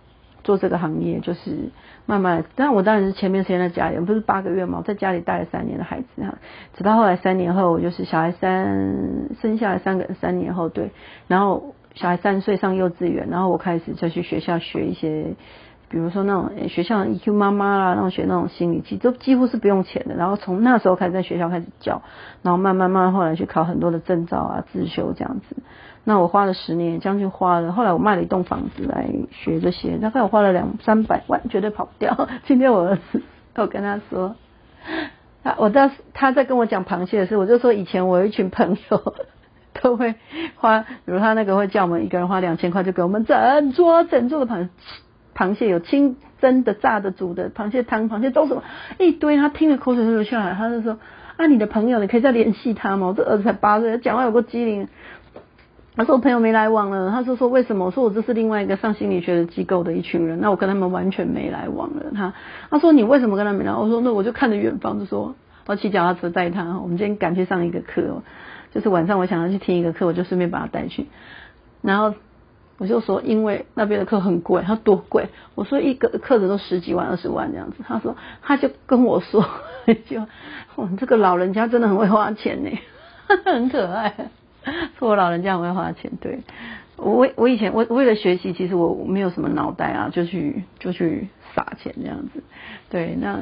做這個行業就是慢慢，但我當然是前面時間在家裡，我不是八個月嘛，我在家裡帶了三年的孩子，哈，直到後來三年後，我就是小孩三生下來三個，三年後對，然後小孩三歲上幼稚園，然後我開始就去學校學一些。比如說那種、欸、學校的 EQ 媽媽啦，那種學那種心理技，都幾乎是不用錢的。然後從那時候開始，在學校開始教，然後慢慢慢慢後來去考很多的證照啊，自修這樣子。那我花了十年，將近花了。後來我賣了一棟房子來學這些，大概我花了兩三百萬，絕對跑不掉。今天我兒子我跟他說，他我在他在跟我講螃蟹的時候，我就說以前我有一群朋友都會花，比如他那個會叫我們一個人花兩千塊，就給我們整桌整桌的螃蟹。螃蟹有清蒸的、炸的、煮的，螃蟹湯、螃蟹都什麼一堆，他聽了口水就流下來。他就說：“啊，你的朋友，你可以再聯繫他嗎？”我這兒子才八歲，講話有夠機靈。他說：“我朋友沒來往了。”他就說為什麼？”我說：“我這是另外一個上心理學的機構的一群人，那我跟他們完全沒來往了。他”他他說：“你為什麼跟他沒來往？”我說：“那我就看着遠方。”就說：“我騎腳踏車帶他，我們今天趕去上一個課、喔，就是晚上我想要去聽一個課，我就順便把他帶去。”然後。我就說，因為那邊的課很貴，他多貴？我說一個課都十幾萬、二十萬這樣子。他說，他就跟我說，就，這個老人家真的很會花錢呢、欸，很可愛。說我老人家很會花錢，對。我我以前我，我為了學習，其實我沒有什麼腦袋啊，就去就去撒錢這樣子。對，那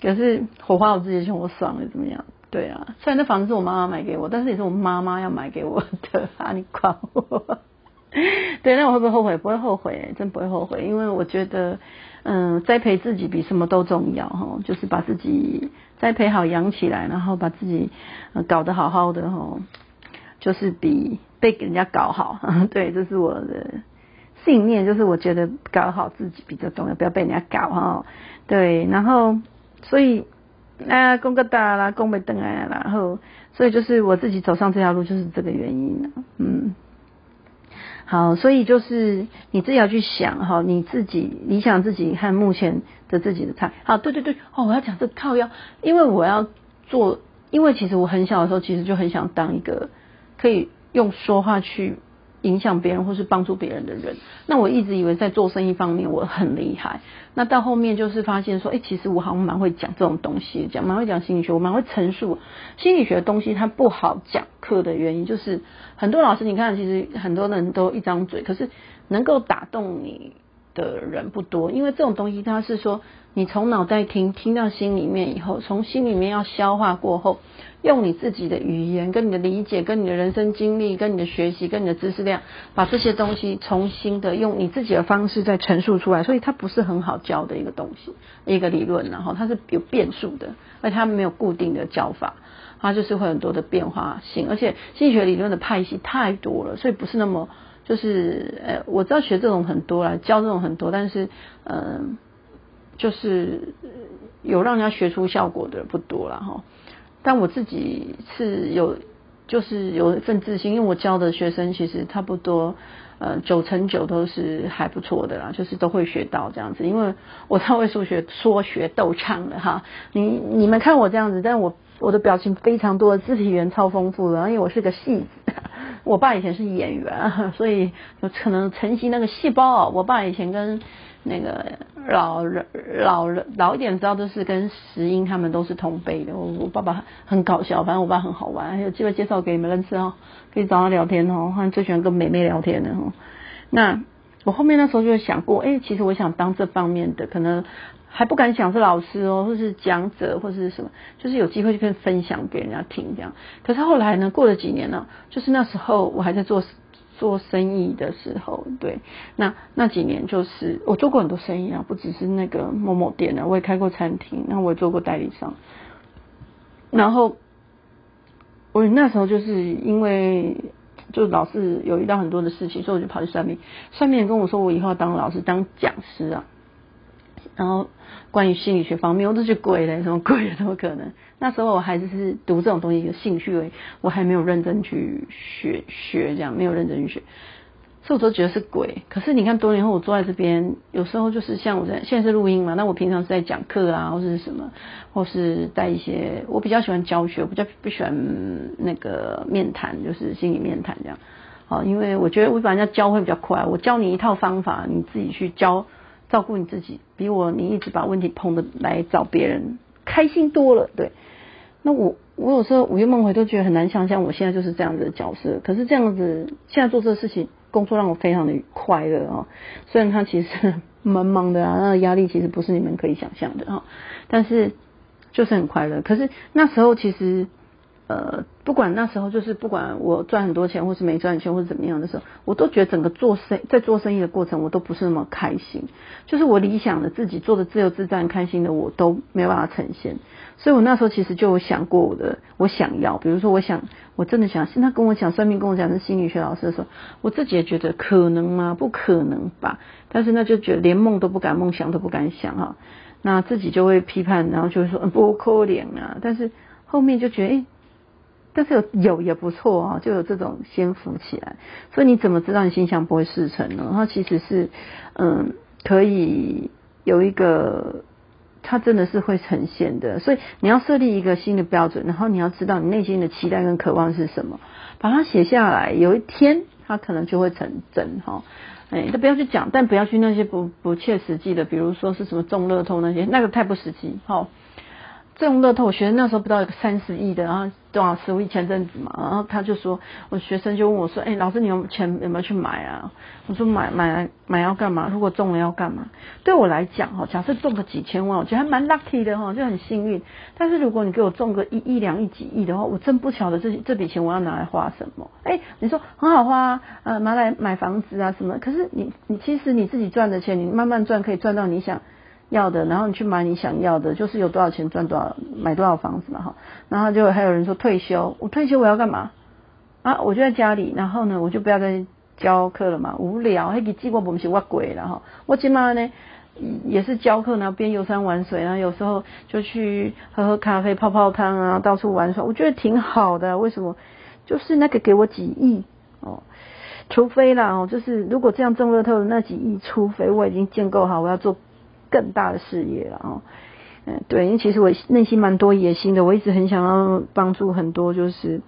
可是我花我自己錢，我爽了，怎麼樣？對啊，雖然那房子是我媽媽買給我，但是也是我媽媽要買給我的啊，你管我。對，那我會不會後悔？不會後悔、欸，真不會後悔，因為我覺得，嗯、呃，栽培自己比什麼都重要，哈、哦，就是把自己栽培好、養起來，然後把自己、呃、搞得好好的，哈、哦，就是比被人家搞好呵呵。對，這是我的信念，就是我覺得搞好自己比較重要，不要被人家搞，哈、哦，對。然後，所以，啊功哥大啦功沒等來，然後，所以就是我自己走上這條路，就是這個原因嗯。好，所以就是你自己要去想哈，你自己理想自己和目前的自己的差。好，對對對，哦，我要講這個、靠腰，因為我要做，因為其實我很小的時候其實就很想當一個可以用說話去。影響別人或是幫助別人的人，那我一直以為在做生意方面我很厲害，那到後面就是發現說，哎、欸，其實我好像蠻會講這種東西，講蠻會講心理學，我蠻會陳述心理學的東西。它不好講課的原因就是，很多老師你看，其實很多人都一張嘴，可是能夠打動你，的人不多，因為這種東西它是說，你從腦袋聽聽到心裡面以後，從心裡面要消化過後，用你自己的語言跟你的理解、跟你的人生經歷、跟你的學習、跟你的知識量，把這些東西重新的用你自己的方式再陳述出來，所以它不是很好教的一個東西，一個理論啊，然後它是有變數的，而且它沒有固定的教法，它就是會很多的變化性，而且心理學理論的派系太多了，所以不是那麼。就是，呃、欸，我知道學這種很多啦，教這種很多，但是，嗯、呃，就是有讓人家學出效果的不多啦哈。但我自己是有，就是有一份自信，因為我教的學生其實差不多，呃，九成九都是還不錯的啦，就是都會學到這樣子。因為我超會數學說學逗唱的哈，你你們看我這樣子，但我我的表情非常多的，肢體語言超豐富的，因為我是個戲子。我爸以前是演員，所以就可能承襲那個細胞。我爸以前跟那個老人，老人老一點知道，都是跟石英他們都是同輩的。我我爸爸很搞笑，反正我爸很好玩，還有機會介紹給你們認識哦，可以找他聊天哦。好像最喜歡跟妹妹聊天的哦。那我後面那時候就想過，哎，欸，其實我想當這方面的可能。還不敢想是老師哦，喔，或是講者，或是什麼，就是有機會就可以分享給人家聽這樣。可是後來呢，過了幾年呢，啊,就是那時候我還在做做生意的時候，對，那那幾年就是我做過很多生意啊，不只是那個某某店啊，我也開過餐廳，那我也做過代理商，然後我那時候就是因為就老是有遇到很多的事情，所以我就跑去算命，算命也跟我說我以後要當老師當講師啊。然後關於心理學方面，我都覺得鬼的什麼鬼啊，怎麼可能？那時候我孩子是讀這種東西有興趣，我我還沒有認真去學學這樣，沒有認真去學，所以我都覺得是鬼。可是你看，多年後我坐在這邊，有時候就是像我在現在是錄音嘛，那我平常是在講課啊，或者是什麼，或是帶一些我比較喜歡教學，我比較不喜歡那個面談，就是心理面談這樣。好，因為我覺得我反正教會比較快啊，我教你一套方法，你自己去教。照顧你自己，比我你一直把問題捧的來找別人開心多了。對，那我我有時候午夜夢回都覺得很難想象我現在就是這樣子的角色。可是這樣子，現在做這個事情，工作讓我非常的快樂啊、哦。雖然他其實蠻忙的啊，那個壓力其實不是你們可以想象的啊、哦。但是就是很快樂。可是那時候其實。呃，不管那時候，就是不管我賺很多錢，或是沒賺很多錢，或是怎麼樣的時候，我都覺得整個做生意在做生意的過程，我都不是那麼開心。就是我理想的自己做的自由自在、開心的，我都沒有辦法呈現。所以我那時候其實就有想過我的我想要，比如說我想，我真的想。現在跟我講算命、跟我講是心理學老師的時候，我自己也覺得可能嗎？不可能吧。但是那就覺得連夢都不敢夢想都不敢想哈。那自己就會批判，然後就會說、嗯、不可憐啊。但是後面就覺得誒。欸但是有，有也不錯哦，喔，就有這種先浮起來，所以你怎麼知道你心想不會事成呢？然後其實是，嗯，可以有一個，它真的是會呈現的。所以你要設立一個新的標準，然後你要知道你內心的期待跟渴望是什麼，把它寫下來。有一天它可能就會成真哈。哎，喔，那，欸，不要去講，但不要去那些不不切實際的，比如說是什麼中樂透那些，那個太不實際。好，喔。中樂透，我學生那時候不知道有三十億的，然後多少十五億前陣子嘛，然後他就說，我學生就問我說，哎、欸，老師，你有錢有沒有去買啊？我說買買買要幹嘛？如果中了要幹嘛？對我來講，哈，假設中個幾千萬，我覺得還蠻 lucky 的哈，就很幸運。但是如果你給我中個一億兩億幾億的話，我真不曉得這這筆錢我要拿來花什麼。哎、欸，你說很好花啊，拿來買房子啊什麼？可是你你其實你自己賺的錢，你慢慢賺可以賺到你想要的，然後你去買你想要的，就是有多少錢賺多少，買多少房子嘛哈。然後就還有人說退休，我退休我要幹嘛啊？我就在家裡，然後呢，我就不要再教課了嘛，無聊。還給機構我們是挖鬼了哈。我起碼呢也是教課，然後邊遊山玩水，然後有時候就去喝喝咖啡、泡泡湯啊，到處玩耍，我覺得挺好的。為什麼？就是那個給我幾億哦，除非啦哦，就是如果這樣中樂透的那幾億，除非我已經建構好，我要做。更大的事業啊，嗯，對，因為其實我內心蠻多野心的，我一直很想要幫助很多，就是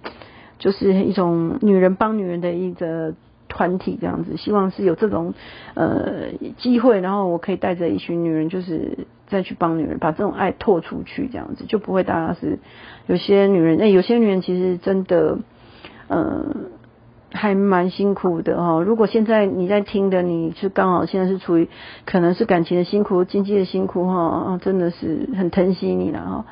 就是一種女人幫女人的一個團體這樣子，希望是有這種呃機會，然後我可以帶着一群女人，就是再去幫女人，把這種愛拓出去這樣子，就不會大家是有些女人，那、欸、有些女人其實真的，呃。還蠻辛苦的哈、喔，如果現在你在聽的，你是剛好現在是處於可能是感情的辛苦、經濟的辛苦哈、喔喔，真的是很疼惜你了哈、喔。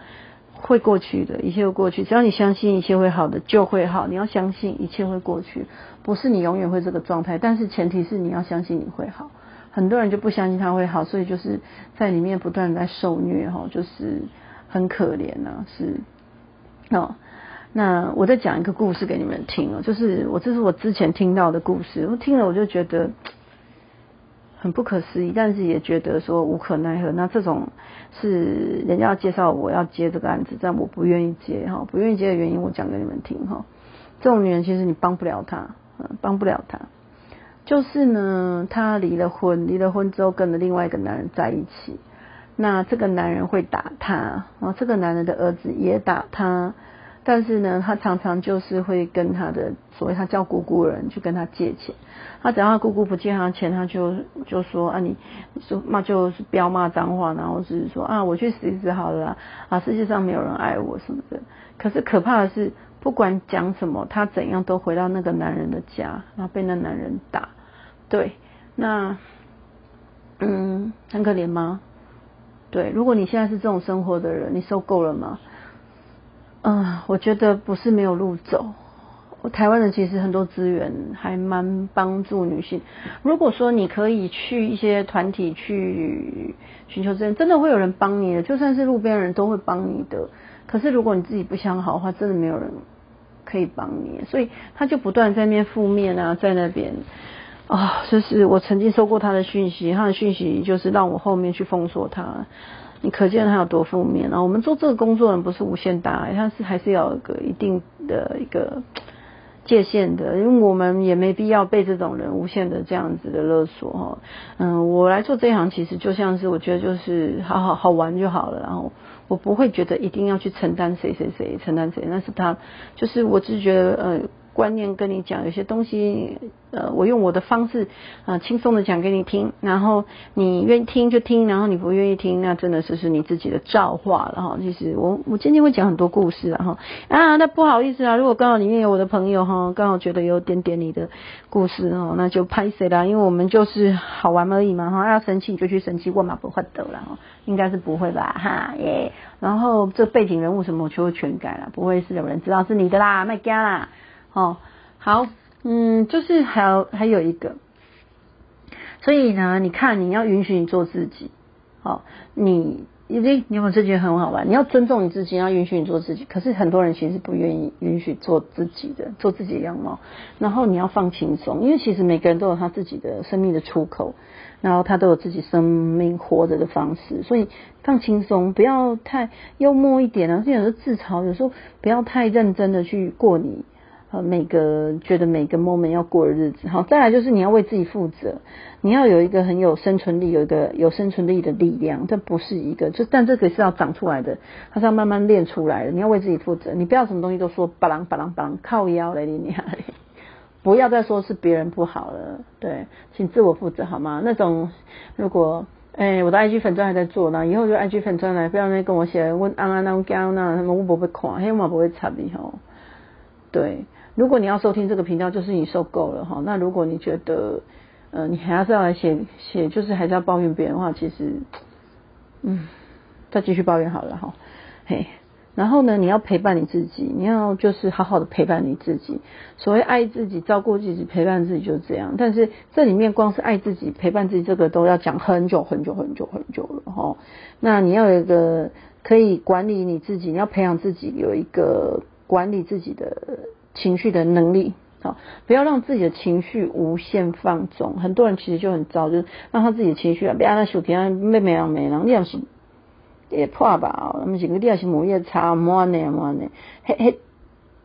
會過去的，一切會過去，只要你相信一切會好的就會好。你要相信一切會過去，不是你永遠會這個狀態，但是前提是你要相信你會好。很多人就不相信他會好，所以就是在裡面不斷在受虐哈、喔，就是很可憐呢、啊，是，哦、喔。那我再講一個故事給你們聽哦，就是我這是我之前聽到的故事，我聽了我就覺得很不可思議，但是也覺得說無可奈何。那這種是人家要介紹我要接這個案子，但我不願意接哈，不願意接的原因我講給你們聽哈。這種女人其實你幫不了她，幫不了她，就是呢，她離了婚，離了婚之後跟了另外一個男人在一起，那這個男人會打她，然後這個男人的兒子也打她，但是呢，他常常就是會跟他的所謂他叫姑姑的人去跟他借錢，他只要他姑姑不借他錢，他就就說啊你，你說，說就是不要罵髒話，然後只是說啊我去死一死好了啦，啊世界上沒有人愛我什麼的。可是可怕的是，不管講什麼，他怎樣都回到那個男人的家，然後被那男人打。對，那，嗯，很可憐嗎？對，如果你現在是這種生活的人，你受夠了嗎？嗯、我覺得不是沒有路走。台灣的其實很多資源還蠻幫助女性。如果說你可以去一些團體去尋求資源，真的會有人幫你的，就算是路邊人都會幫你的。可是如果你自己不想好的話，真的沒有人可以幫你。所以他就不斷在那邊負面啊，在那邊啊、哦，就是我曾經收過他的訊息，他的訊息就是讓我後面去封鎖他。你可見他有多負面啊。我們做這個工作，人不是無限大，他是還是要有一個一定的一個界限的，因為我們也沒必要被這種人無限的這樣子的勒索哈。嗯，我來做這行其實就像是我覺得就是好好好玩就好了，然後我不會覺得一定要去承擔誰誰誰承擔誰，那是他，就是我只是覺得呃。嗯觀念跟你講，有些東西，呃，我用我的方式，啊、呃，輕鬆的講給你聽，然後你願意聽就聽，然後你不願意聽，那真的是是你自己的造化了哈。其實我我今天會講很多故事了哈啊，那不好意思啊，如果剛好裡面有我的朋友哈，剛好覺得有點點你的故事哦，那就拍謝啦，因為我們就是好玩而已嘛哈、啊。要生氣你就去生氣，我馬不換得啦，哈，應該是不會吧？哈耶。然後這背景人物什麼，我全部全改了，不會是有人知道是你的啦，賣家啦。哦，好，嗯，就是還有還有一個，所以呢，你看，你要允許你做自己，好，哦，你已經你有沒有自己很好玩，你要尊重你自己，要允許你做自己。可是很多人其實不願意允許做自己的，做自己的樣貌。然後你要放輕鬆，因為其實每個人都有他自己的生命的出口，然後他都有自己生命活着的方式。所以放輕鬆，不要太幽默一點啊，甚至有時候自嘲，有時候不要太認真的去過你。呃，每個覺得每個 moment 要過的日子，好，再來就是你要為自己負責，你要有一個很有生存力，有一個有生存力的力量，這不是一個，就但這個是要長出來的，它是要慢慢練出來的。你要為自己負責，你不要什麼東西都說巴郎巴郎巴靠腰來念，不要再說是別人不好了，對，請自我負責好嗎？那種如果哎、欸，我的 IG 粉專還在做呢，後以後就 IG 粉專來，不要那跟我寫我安安那，我，我，我，我那不會看，我不會插你吼，對。如果你要收聽這個頻道，就是你受夠了哈。那如果你覺得，呃，你還是要來寫寫，寫就是還是要抱怨別人的話，其實，嗯，再繼續抱怨好了哈。嘿，然後呢，你要陪伴你自己，你要就是好好的陪伴你自己。所謂愛自己、照顧自己、陪伴自己，就這樣。但是這裡面光是愛自己、陪伴自己，這個都要講很久很久很久很久了哈。那你要有一個可以管理你自己，你要培養自己有一個管理自己的。情緒的能力，好，哦，不要讓自己的情緒無限放縱。很多人其實就很糟，就是讓他自己的情緒啊，不要那手提，妹妹啊，妹郎，你也是也破包，不是你也是毛也擦，抹呢抹呢，嘿嘿，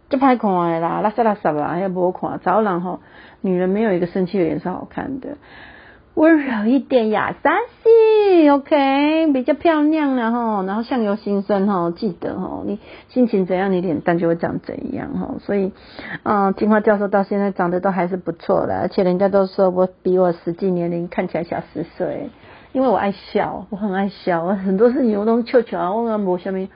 就歹看的啦，垃圾垃圾啊，還不好看。早上吼，女人沒有一個生氣的臉是好看的。溫柔一點呀，莎西，OK，比較漂亮了哈。然後相由心生哈，記得哈，你心情怎樣，你臉蛋就會長怎樣哈。所以，嗯、呃，金花教授到現在長得都還是不錯的，而且人家都說我比我實際年齡看起來小十歲，因為我愛笑，我很愛笑，很多事情我都笑笑啊，我啊無蝦米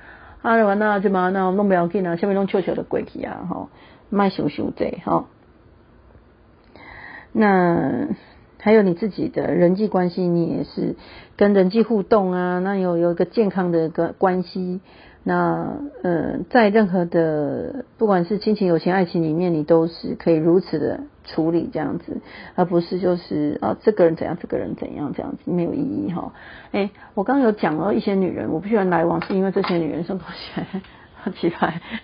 啊，那這嘛那弄不要緊啊，蝦米弄笑笑就過去啊，哈，賣愁愁者哈。那。還有你自己的人際關係，你也是跟人際互動啊，那有有一個健康的一個關係，那呃，在任何的不管是親情、友情、愛情裡面，你都是可以如此的處理這樣子，而不是就是啊這個人怎樣，這個人怎樣這樣子沒有意義哈。哎、欸，我剛剛有講了一些女人，我不喜歡來往是因為這些女人什麼東西很氣，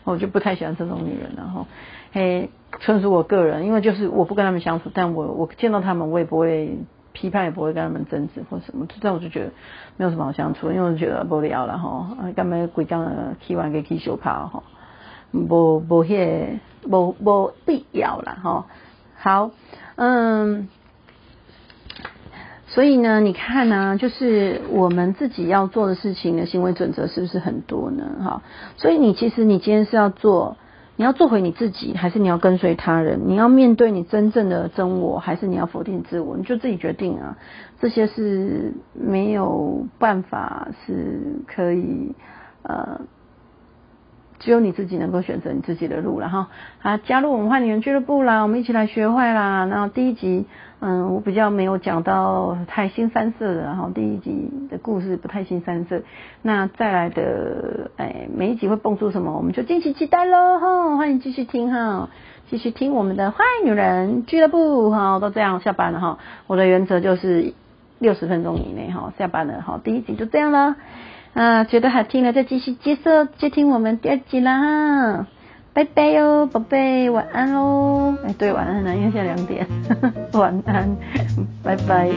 我就不太喜歡這種女人然後。嘿，hey, 純屬我個人，因為就是我不跟他們相處，但我我見到他們，我也不會批判，也不會跟他們爭執或什麼。這樣我就覺得沒有什麼好相處，因為我就覺得無聊了哈，幹嘛規工起晚個起小泡哈，無無迄不無必要啦哈。好，嗯，所以呢，你看呢、啊，就是我們自己要做的事情的行為準則是不是很多呢？哈，所以你其實你今天是要做。你要做回你自己，還是你要跟隨他人？你要面對你真正的真我，還是你要否定自我？你就自己決定啊！這些是沒有辦法是可以，呃。只有你自己能夠選擇你自己的路了哈！啊，加入我們壞女人俱樂部啦，我們一起來學壞啦。然後第一集，嗯，我比較沒有講到太新三色的，然後第一集的故事不太新三色。那再來的，哎、欸，每一集會蹦出什麼，我們就驚喜期，期待嘍！哈，歡迎繼續聽哈，繼續聽我們的壞女人俱樂部哈，都這樣下班了哈。我的原則就是六十分鐘以內哈，下班了哈，第一集就這樣了。啊，覺得好聽了，再繼續接受接聽我們第二集啦，拜拜喲、哦、寶貝，晚安嘍、哦、哎，對，晚安了、啊，因為現在兩點， 晚安， 拜拜。